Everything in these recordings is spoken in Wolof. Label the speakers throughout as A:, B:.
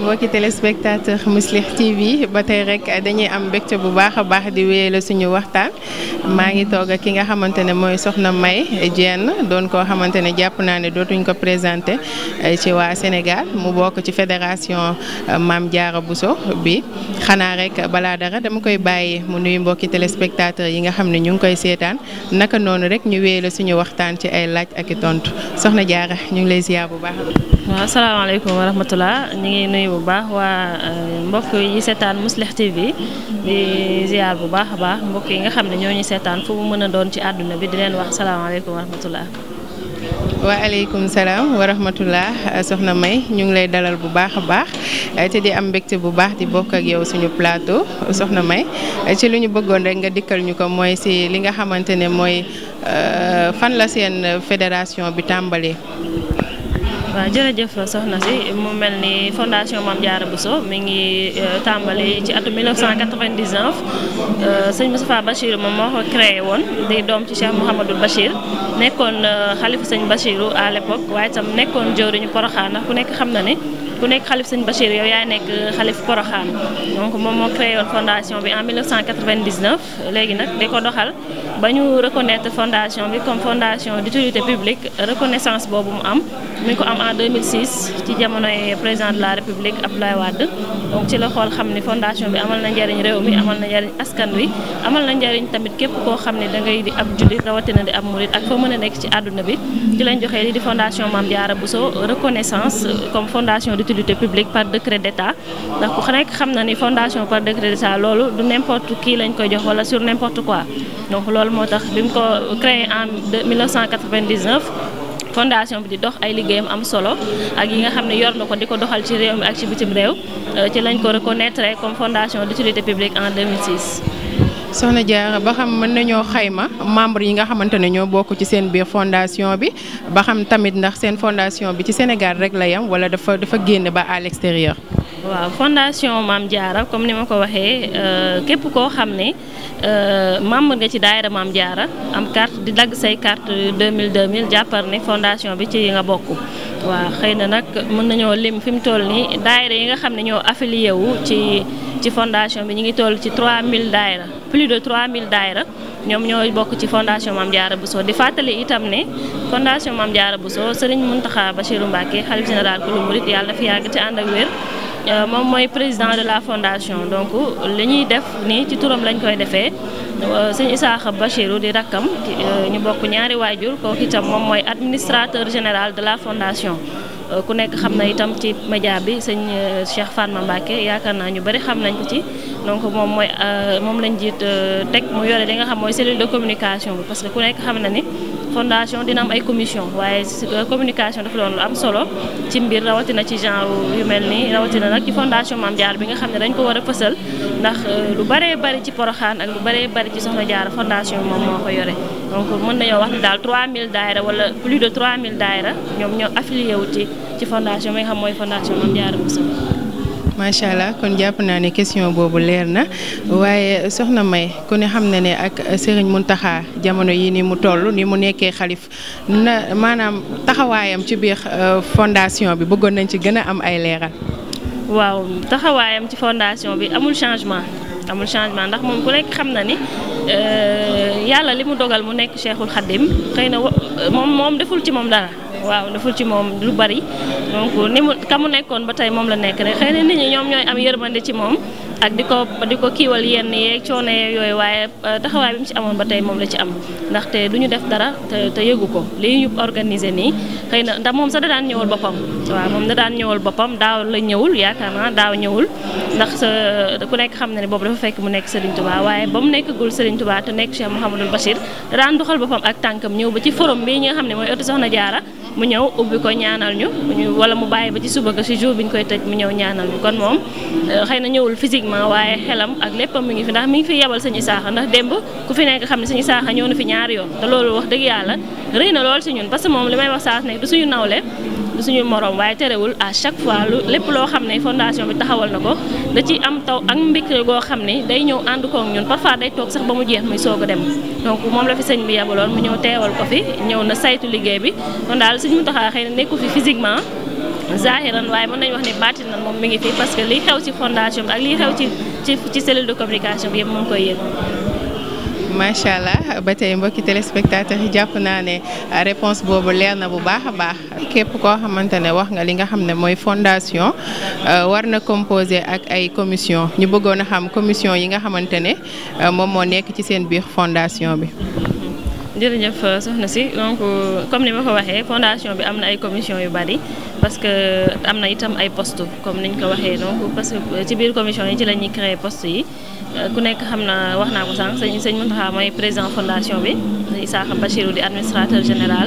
A: mbokki téléspectateur Mouslih TV ba tey rek dañuy am mbégte bu baax a baax di wéyale suñu waxtaan maa ngi toog ak ki nga xamante ne mooy Soxna May Diène doon koo xamante ne jàpp naa ne dootuñ ko présenté eh, ci waa Sénégal mu bokk ci fédération eh, Maam Diarra Bousso bi xanaa rek balaa dara dama koy bàyyi mu nuyu mbokki téléspectateur yi nga xam ne ñu ngi koy seetaan naka noonu rek ñu la suñu waxtaan ci ay laaj ak i tontu Soxna Diarra ñu ngi lay siyaa bu baax.
B: ngi bu baax waa euh, mbokk yi seetaan Mouslih TV di ziar bu baax a baax mbokk yi nga xam ne ñoo ñu seetaan fu mu mën a doon ci àdduna bi di leen wax salaamaaleykum wa rahmatullah
A: waaleykum salaam wa rahmatullah soxna May ñu ngi lay dalal bu baax a baax te di am mbégte bu baax di bokk ak yow suñu plateau soxna May ci lu ñu bëggoon rek nga dikkal ñu ko mooy si li nga xamante ne mooy euh, fan la seen fédération bi tàmbalee.
B: waaw jërëjëf soxna si mu mel ni fondation Mame Diarra Bousso mi ngi euh, tàmbali ci atum 1999 euh, sëñ Moustapha Bachir moom moo ko créé woon di doom ci Cheikh Mouhamadul Bachir nekkoon euh, xalifa sëñ Bachiru à l'époque waaye tam nekkoon jëwriñu Poroxaan ndax ku nekk xam na ne ku nekk xalif sëñ Bachir yow yaa nekk xalif Poroxaan donc moom moo créé woon fondation bi en 1999 léegi nag di ko doxal. ba ñu reconnaître fondation bi comme fondation d'utilité publique reconnaissance boobu mu am mi ngi ko am en 2006 ci jamonoy président de la république Abdoulaye Wade donc ci la xool xam ni fondation bi amal na njariñ réew mi amal na njariñ askan wi amal na njariñ tamit képp koo xam ne da ngay di ab jullit rawatina di ab murit ak foo mën a nekk ci àdduna bi ci lañ joxee li di fondation Mame Diarra Bousso reconnaissance comme fondation d'utilité publique par décret d'état ndax ku nekk xam na ni fondation par décret d'état loolu du n'importe qui lañ koy jox wala sur n'importe moo tax bi mu ko créé en 1999 fondation bi di dox ay liggéeyam am solo ak yi nga xam ne yor na ko di ko doxal ci réew mi ak ci bitim réew euh, ci lañ ko reconnaître comme fondation d'utilité publique en 2006.
A: soxna Diarra ba xam mën nañoo xayma membre yi nga xamante ne ñoo bokk ci seen biir fondation bi ba xam tamit ndax seen fondation bi ci Sénégal rek la yam wala dafa dafa génn ba à l'extérieur.
B: waaw fondation Maam Diarra comme ni ma ko waxee euh, képp koo xam ne euh, membre nga ci daayira Maam jaara am carte di dagg say carte 2000 2000 jàppar ne fondation bi ci nga bokk waa xëy na nag mën nañoo lim fi mu toll nii daayira yi nga xam ne ñoo affilié wu ci ci fondation bi ñu ngi toll ci 3000 daayira plus de mille daayira ñoom ñooy bokk ci fondation Maam bu soo di fàttali itam ne fondation Maam Diarra Bousso Serigne Mountakha Bachirou Mbacké xalif général ku lu murit yàlla fi yàgg ci ànd ak Euh, moom mooy président de la fondation donc li ñuy def nii ci turam lañ koy defee euh, sëñ Isaaxa Bachirou di rakkam euh, ñu bokk ñaari waajur kooku itam moom mooy administrateur général de la fondation. ku nekk xam na itam ci média bi sëñ Cheikh Fatma Mbacke yaakaar naa ñu bari xam nañ ko ci donc moom mooy moom lañ jiit teg mu yore li nga xam mooy cellule de communication bi parce que ku nekk xam na ni. fondation dina am ay commission waaye euh, communication def doon am solo ci mbir rawatina ci genre yu mel nii rawatina nag ci fondation Mame Diarra bi nga xam ne dañ ko war a fësal ndax euh, lu baree bari ci Porokhane ak lu baree bari ci Soxna Diarra fondation moom moo ko yore donc mën nañoo wax ne daal mille daayra wala plus de 3000 daayra ñoom ñoo affilié wu ci ci fondation bi nga xam mooy fondation Mame Diarra Bousso
A: macha allah kon jàpp naa ne question boobu leer na waaye soxna May ku ne xam na ne ak sëriñ mun Mountakha jamono yi ni mu toll ni mu nekkee xalif na maanaam taxawaayam ci biir euh, fondation bi bëggoon nañ ci gën a am ay leeral.
B: waaw taxawaayam ci fondation bi amul changement amul changement ndax moom ku nekk xam na ni euh, yàlla li mu dogal mu nekk Cheikhul Khadim xëy na moom moom deful ci moom dara. waaw deful ci moom lu bari donc ni mu ka mu nekkoon ba tey moom la nekk rek xëy na nit ñi ñoom ñooy am yërmande ci moom ak di ko di ko kiiwal yenn yeeg coono yeeg yooyu waaye euh, taxawaay bi mu ci amoon ba tey moom la ci am ndaxte du ñu def dara te te yëgu ko lii ñu organiser nii xëy na ndax moom sax da daan ñëwal boppam waaw moom da daan ñëwal boppam daaw la ñëwul yaakaar naa daaw ñëwul ndax sa ku nekk xam na ne boobu dafa fekk mu nekk Serigne Touba waaye ba mu nekkagul Serigne Touba nekk Cheikh Mouhamadul Bachir da daan doxal ak tànkam ñëw ba ci forum bi nga xam ne mooy ëttu Soxna Jaara mu ñëw ubbi ko ñaanal ñu wala mu bàyyi ba ci suba ga si jour bi ñu koy tëj mu ñëw ñaanal ñu kon moom euh, xëy na ñëwul physiquement waaye xelam ak léppam mi ngi fi ndax mi ngi fi yebal Sëñ Isaaxa ndax démb ku fi nekk xam ne Sëñ Isaaxa ñëw na fi ñaar yoon te loolu wax dëgg yàlla rëy na lool si ñun parce que moom li may wax saa nekk du suñu nawle du suñu morom waaye terewul à chaque fois lu lépp loo xam ne fondation bi taxawal na ko da ci am taw ak mbégte goo xam ne day ñëw ànd koog ñun parfois day toog sax ba mu jeex muy soog a dem donc moom la fi sëñ bi yabaloon mu ñëw teewal ko fi ñëw na saytu liggéey bi kon daal suñu taxaa xëy na nekku fi physiquement zahiran waaye mën nañu wax ne baatin na moom mi ngi fi parce que liy xew ci fondation bi ak liy xew ci ci ci de communication bi yëpp mu koy yëg
A: macha allah ba tey mbokki téléspectateurs yi jàpp naa ne réponse boobu leer na bu baax a baax képp koo xamante ne wax nga li nga xam ne mooy fondation euh, war na composé ak ay commission ñu bëggoon a xam commission yi nga xamante ne euh, moom moo nekk ci seen biir fondation bi.
B: jërëjëf euh, soxna si donc comme ni ma ko waxee fondation bi am na ay commission yu bari parce que am na itam ay postes comme niñ ko waxee donc parce que ci biir commission yi ci la ñuy créer postes yi. Euh, ku nekk xam na wax naa ko sànq sëñ sëñ Mountakha mooy président fondation bi Issakha Bachirou di administrateur général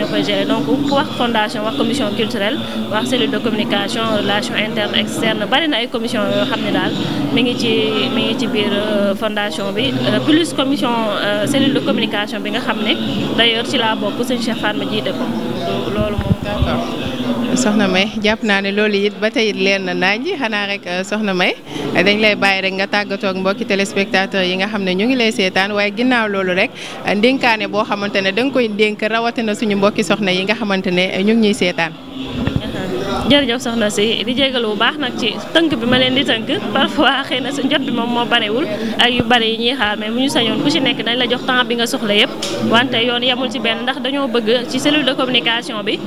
B: ñoo koy donc ku wax fondation wax commission culturelle wax cellule de communication relation interne externe bari na ay commission yoo xam ne daal mi ngi ci mi ngi ci biir euh, fondation bi euh, plus commission euh, cellule de communication bi nga xam ne d'ailleurs ci laa bokk sëñ Cheikh Fatma jiite ko loolu
A: moom. soxna May jàpp naa ne loolu it ba tey it leen na naaj xanaa rek euh, soxna May dañ lay bàyyi rek nga tàggatoo ak mbokki téléspectateur yi nga xam ne ñu ngi lay seetaan waaye ginnaaw loolu rek ndénkaane boo xamante ne da nga koy dénk rawatina suñu mbokki soxna yi nga xamante ne ñu ngi ñuy seetaan.
B: jërëjëf soxna si di jégalu bu baax nag ci tënk bi ma leen di tënk parfois xëy na sa njot bi moom moo barewul ak yu bare yi ñuy xaar mais bu ñu sañoon ku ci nekk dañ la jox temps bi nga soxla yëpp wante yoon yemul ci benn ndax dañoo bëgg ci cellule de communication bi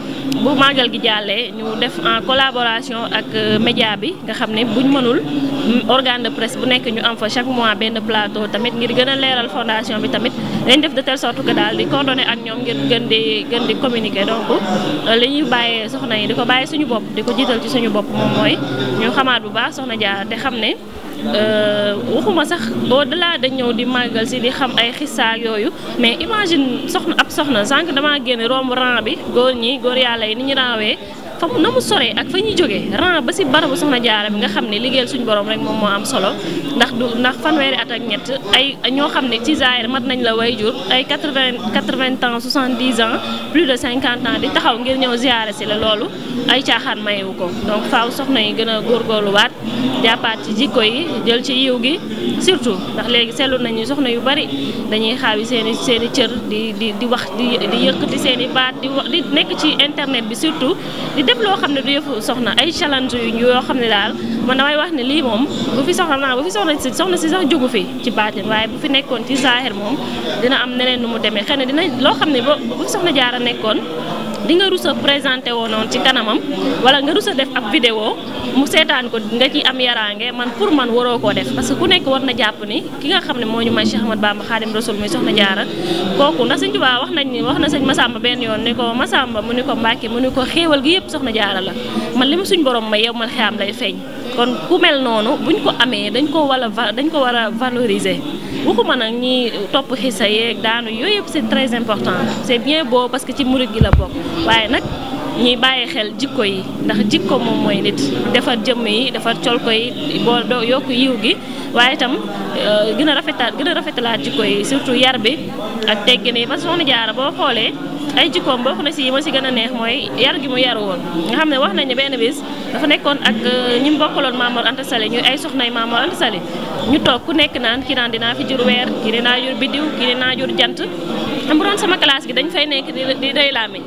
B: bu màggal gi jàllee ñu def en collaboration ak euh, média bi nga xam ne bu ñu mënul mm, organe de presse bu nekk ñu am fa chaque mois benn plateau tamit ngir gën a leeral fondation bi tamit dañ def de telle sorte que daal di coordonné ak ñoom ngir gën di gën di communiquer donc euh, ko suñu bopp di ko jiital ci suñu bopp moom mooy ñu xamaat bu baax soxna Dia te xam ne euh, waxuma sax boo delà da ñëw di màggal si di xam ay xisaak yooyu mais imagine soxna ab soxna sànq dama génne romb rang bi góor ñi góor yàlla yi ni ñu raawee fa na mu soree ak fa ñuy jógee ran ba si barabu soxna jaara bi nga xam ne liggéeyal suñu borom rek moom moo am solo ndax du ndax fanweeri at ak ñett ay ñoo xam ne ci zaahir mat nañ la way jur ay quatre-vingt quatre-vingts ans soixante-dix ans plus de cinquante ans di taxaw ngir ñëw ziyaare si la loolu ay caaxaan mayewu ko donc faaw soxna yi gën a góorgóorluwaat jàppaat ci jikko yi jël ci yiw gi surtout ndax léegi seetlu nañu soxna yu bari dañuy xaawi seen i seen i cër di di di wax di di yëkkati seen i baat di wax di nekk ci internet bi lépp loo xam ne du yëfu soxna ay challenge yu ñu yoo xam ne daal man damay wax ne lii moom bu fi soxna naa bu fi soxna si sax jógu fi ci baatin waaye bu fi nekkoon ci zaahir moom dina am neneen nu mu demee xëy na dina loo xam ne ba bu fi soxna jaara nekkoon di nga rus a présenté woo noonu ci kanamam wala nga rus def ab vidéo mu seetaan ko nga ci am yaraange man pour man waroo koo def parce que ku nekk war na jàpp ni ki nga xam ne moo ñu may Cheikh Ahmad Bamba Khadim Rasoul muy soxna jaara kooku ndax sëñ wax nañ ni wax na sëñ Masamba benn yoon ni ko Masamba mu ni ko Mbàkke mu ni ko xéewal gi yëpp soxna jaara la man li ma suñ borom ma yow man xeam lay feeñ kon ku mel noonu ñu ko amee dañ ko war a dañ ko war a valoriser waxuma nag ñi topp xisa yee daanu yooyu yëpp c'est très important c'est bien beau parce que ci murit gi la bokk waaye nag ñuy bàyyi xel jikko yi ndax jikko moom mooy nit defar jëmm yi defar colko yi boo doo yokk yiw gi waaye tam euh, gën a rafetal gën a rafetalaat jikko yi surtout yar bi ak teggin yi parce que soxna jaara boo xoolee ay jikkoom bokk na si yi ma si gën a neex mooy yar gi mu yar woon nga xam ne wax nañ ne benn bis dafa nekkoon ak euh, ñi mu bokkaloon Mamor Anta Sali ñu ay soxnay Mamor Anta Sali ñu toog ku nekk naan ki naan dinaa fi jur weer ki dinaa jur biddiw ki dinaa jur jant am bu doon sama classe gi dañ fay nekk di day laamiñ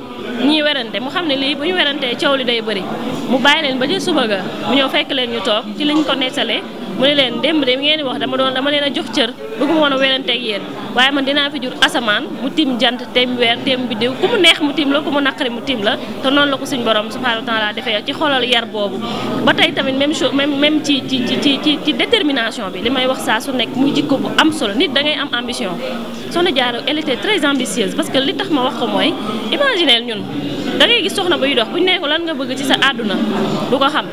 B: ñii werante mu xam ne lii bu ñu werantee coow li day bëri mu bàyyi leen ba ci suba ga mu ñëw fekk leen ñu toog ci liñ ko nettalee mu ne leen démb de ngeen di wax dama doon dama leen a jox cër bëgguma woon a weranteeg yéen waaye man dinaa fi jur asamaan mu tiim jant teem weer teem biddiw ku mu neex mu tiim la ku mu naqari mu tiim la te noonu la ko suñ borom subhanahu wa taala defee ci xolal yar boobu ba tey tamit même même même ci ci ci ci ci détermination bi li wax saa su nekk jikko bu am solo nit da ngay am ambition soxna Diarra elle était très ambitieuse parce que li tax ma wax ko mooy imaginez ñun da ngay gis soxna buy dox bu ñu nee ko lan nga bëgg ci sa àdduna du ko xam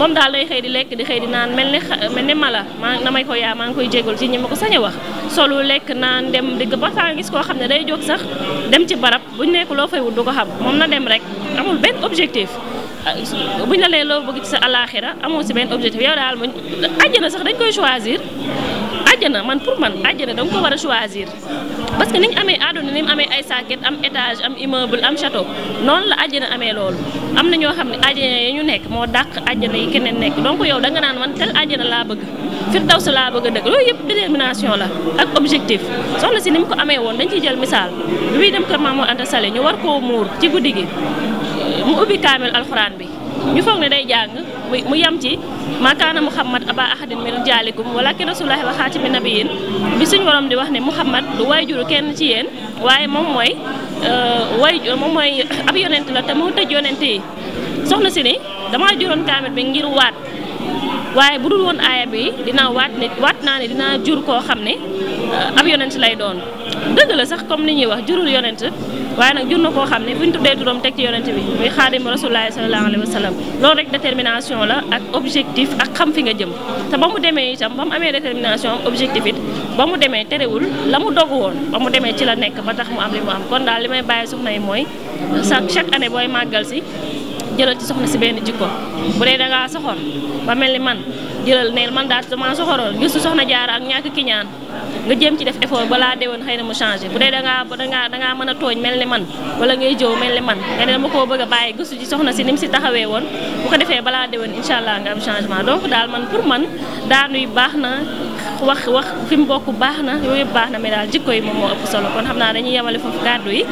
B: moom daal day xëy di lekk di xëy di naan mel ni mel ni mala maa damay ko yaa maa ngi koy jégalu ci ñi ma ko sañ a wax solu lekk naan dem digg parfois gis koo xam ne day jóg sax dem ci barab buñ nekk loo fay wut du ko xam moom na dem rek amul benn objectif buñ la lee loo bëgg ci sa alaaxira amoo si benn objectif yow daal mu àjjana sax dañ koy choisir àjjana man pour man àjjana da nga ko war a choisir parce que ni amee àdduna ni mu amee ay sàkket am étage am immeuble am château noonu la àjjana amee loolu am na ñoo xam ne àjjana yi ñu nekk moo dàq àjjana yi keneen nekk donc yow da nga naan man tel na laa bëgg firdaws laa bëgg a dëkk loolu yëpp détermination la ak objectif soxna si ni mu ko amee woon dañ ciy jël misaal bi muy dem kër Mamour Anta Sall ñu war koo muur ci guddi gi mu ubbi kaamel alxuraan bi ñu foog mu yam ci maakaana Muhammad aba ahadin min rijaalikum walakin rasulullahi wa mi nabiyin bi suñu borom di wax ne Muhammad waay waajuru kenn ci yéen waaye moom mooy euh, way mooy ab yonent la te moo tëj yonent yi soxna si ni damaa juróon kaamil bi ngir waat waaye bu dul woon aaya bi dinaa waat ne waat naa ne dinaa jur koo xam ne euh, ab yonent lay doon dëgg la sax comme li ñuy wax jurul yonent waaye nag jur na koo xam ne bu ñu tuddee turam teg ci yonent bi muy xaadim rasulullaahi sallallaahu alayhi wa sallam loolu rek détermination la ak objectif ak xam fi nga jëm te ba mu demee itam ba mu amee détermination am objectif it ba mu demee terewul la mu dogu woon ba mu demee ci la nekk ba tax mu am li mu am kon daal li may bàyyi soxna yi mooy sa chaque année booy màggal si jëlal ci soxna si benn jikko bu dee da ngaa jëlal neel man daal dama soxoroon gisu soxna jaara ak ñàkk ki ñaan nga jéem ci def effort balaa déwén xëy na mu changé bu dee dangaa dangaa a tooñ mel ni man wala ngay jëw mel ni man a bàyyi gisu ci soxna si ni mu si taxawee ko defee balaa déwén incha nga am changement donc daal man pour man daanuy baax na wax wax fi mu bokk baax na yooyu yëpp baax na mais daal jikko yi moom moo ëpp solo kon xam naa dañuy yemale foofu kàddu yi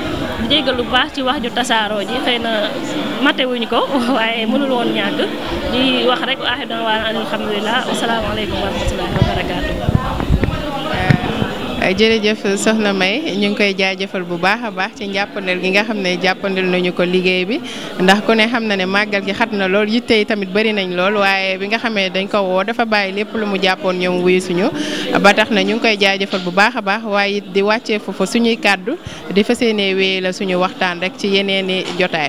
B: di jéggal lu baax ci wax ju tasaaroo ji xëy na matewuñ ko waaye mënul woon ñàkk di wax rek waaxe rahmatulah asalaamaaleykum wa rahmatulah
A: euh, soxna May ñu ngi koy jaajëfal bu baax a baax ci njàppandal gi nga xam ne jàppandal nañu ko liggéey bi ndax ku ne xam na ne màggal gi xat na lool yitte yi tamit bari nañ lool waaye bi nga xamee dañ ko woo dafa bàyyi lépp lu mu jàppoon ñoom wuyu suñu ba tax na ñu ngi koy jaajëfal bu baax a baax waaye it di wàccee foofu suñuy kàddu di fas yéenee wéy la suñu waxtaan rek ci yeneen i jotaay.